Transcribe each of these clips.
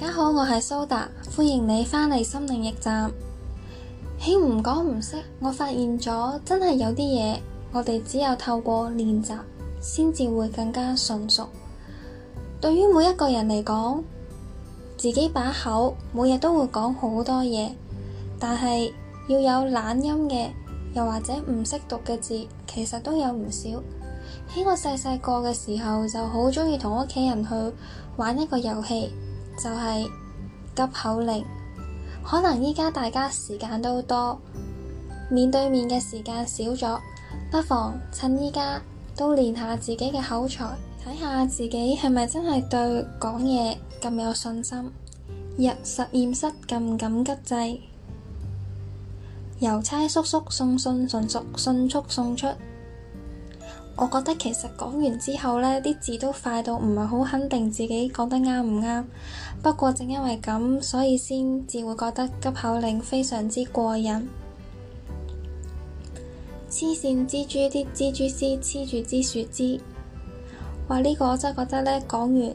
大家好，我係蘇達，歡迎你返嚟心靈驛站。起唔講唔識，我發現咗真係有啲嘢，我哋只有透過練習先至會更加純熟。對於每一個人嚟講，自己把口每日都會講好多嘢，但係要有懶音嘅，又或者唔識讀嘅字，其實都有唔少。喺我細細個嘅時候，就好鍾意同屋企人去玩一個遊戲。就係急口令，可能而家大家時間都多，面對面嘅時間少咗，不妨趁而家都練下自己嘅口才，睇下自己係咪真係對講嘢咁有信心。入實驗室撳緊急掣。郵差叔叔送信純熟，迅速送出。我覺得其實講完之後呢啲字都快到唔係好肯定自己講得啱唔啱。不過正因為咁，所以先至會覺得急口令非常之過癮。黐線蜘蛛啲蜘蛛絲黐住支樹枝，哇！呢個我真係覺得呢，講完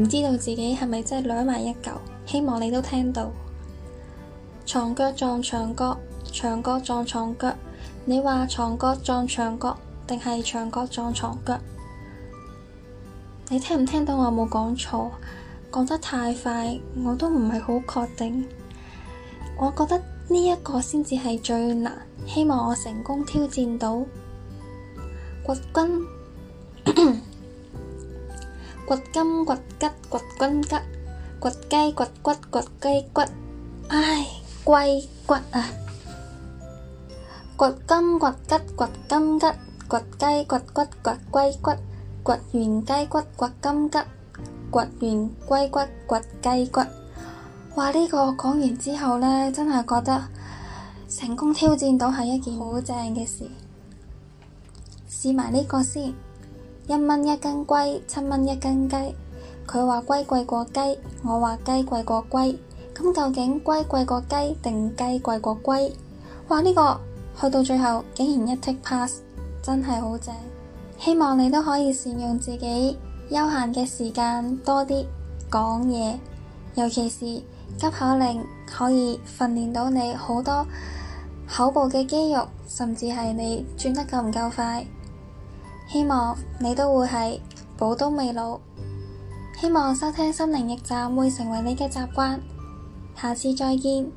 唔知道自己係咪真係兩萬一嚿。希望你都聽到。床腳撞牆角，牆角撞床腳。你話床角撞牆角。定係牆角撞床腳？你聽唔聽到我冇講錯？講得太快，我都唔係好確定。我覺得呢一個先至係最難，希望我成功挑戰到。掘金、 掘金掘、掘吉，掘，掘，掘，啊、掘，金掘吉、掘金吉、掘雞、掘骨、掘雞骨，唉，龜骨啊！掘金、掘吉、掘金吉。掘雞掘骨掘龜骨，掘完雞骨掘金桔，掘完龜骨掘雞骨，骨，骨，骨，骨，骨。哇！呢個講完之後呢，真係覺得成功挑戰到係一件好正嘅事。試埋呢個先，一蚊一斤龜，七蚊一斤雞。佢話龜貴過雞，我話雞貴過龜。咁究竟龜貴過雞定雞貴過龜？哇！呢個去到最後竟然一 take pass。真係好正，希望你都可以善用自己休閒嘅時間多啲講嘢，尤其是急口令可以訓練到你好多口部嘅肌肉，甚至係你轉得夠唔夠快。希望你都會係寶刀未老。希望收聽心靈驛站會成為你嘅習慣。下次再見。